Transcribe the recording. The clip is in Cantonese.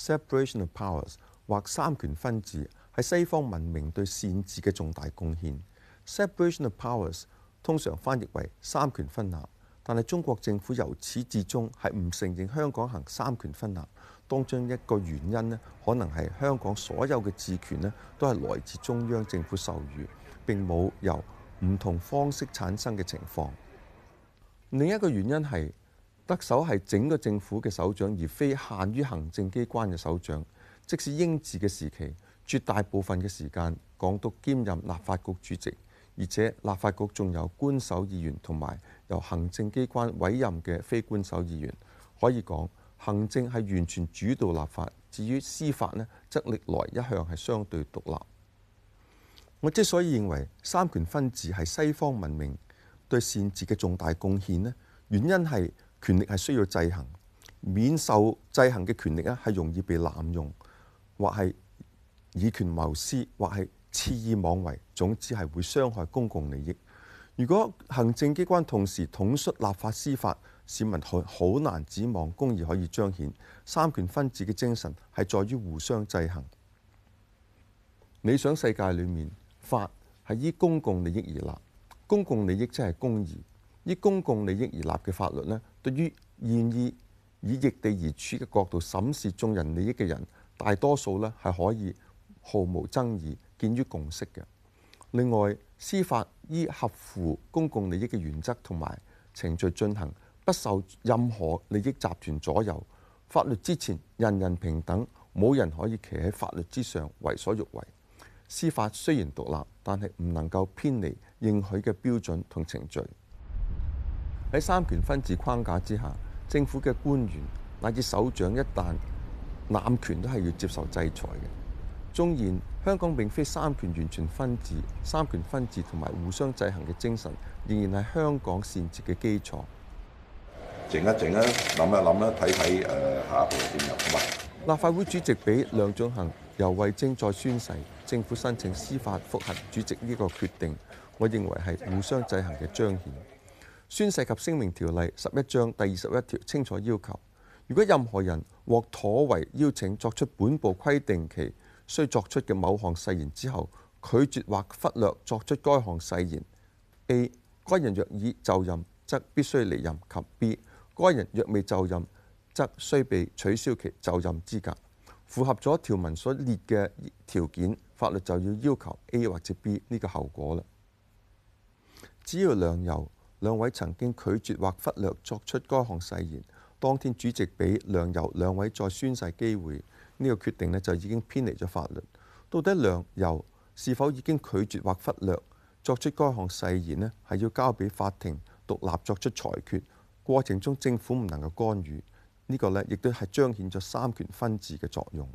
separation of powers 或三權分治係西方文明對善治嘅重大貢獻。separation of powers 通常翻譯為三權分立，但係中國政府由始至終係唔承認香港行三權分立。當中一個原因咧，可能係香港所有嘅治權咧都係來自中央政府授予，並冇由唔同方式產生嘅情況。另一個原因係。得首係整個政府嘅首長，而非限於行政機關嘅首長。即使英治嘅時期，絕大部分嘅時間，港督兼任立法局主席，而且立法局仲有官守議員同埋由行政機關委任嘅非官守議員。可以講，行政係完全主導立法。至於司法呢，則歷來一向係相對獨立。我之所以認為三權分治係西方文明對善治嘅重大貢獻呢，原因係。權力係需要制衡，免受制衡嘅權力啊，係容易被濫用，或係以權謀私，或係肆意妄為。總之係會傷害公共利益。如果行政機關同時統率立法司法，市民好好難指望公義可以彰顯。三權分治嘅精神係在於互相制衡。理想世界裏面，法係依公共利益而立，公共利益即係公義。以公共利益而立嘅法律呢，對於願意以，以逆地而處嘅角度審視眾人利益嘅人，大多數呢係可以毫無爭議建於共識嘅。另外，司法依合乎公共利益嘅原則同埋程序進行，不受任何利益集團左右。法律之前人人平等，冇人可以企喺法律之上為所欲為。司法雖然獨立，但係唔能夠偏離應許嘅標準同程序。喺三權分治框架之下，政府嘅官員乃至首長一旦濫權，都係要接受制裁嘅。縱然，香港並非三權完全分治，三權分治同埋互相制衡嘅精神，仍然係香港善治嘅基礎。靜一靜啦，諗一諗啦，睇睇、呃、下一步係點樣。立法會主席俾梁頌恆由游蕙禎再宣誓，政府申請司法覆核主席呢個決定，我認為係互相制衡嘅彰顯。宣誓及聲明條例十一章第二十一條清楚要求，如果任何人獲妥為邀請作出本部規定，其需作出嘅某項誓言之後，拒絕或忽略作出該項誓言，A 該人若已就任，則必須離任；及 B 該人若未就任，則需被取消其就任資格。符合咗條文所列嘅條件，法律就要要求 A 或者 B 呢個後果啦。只要量有。兩位曾經拒絕或忽略作出該項誓言，當天主席俾梁游兩位再宣誓機會，呢個決定呢就已經偏離咗法律。到底梁游是否已經拒絕或忽略作出該項誓言呢？係要交俾法庭獨立作出裁決，過程中政府唔能夠干預。呢個呢亦都係彰顯咗三權分治嘅作用。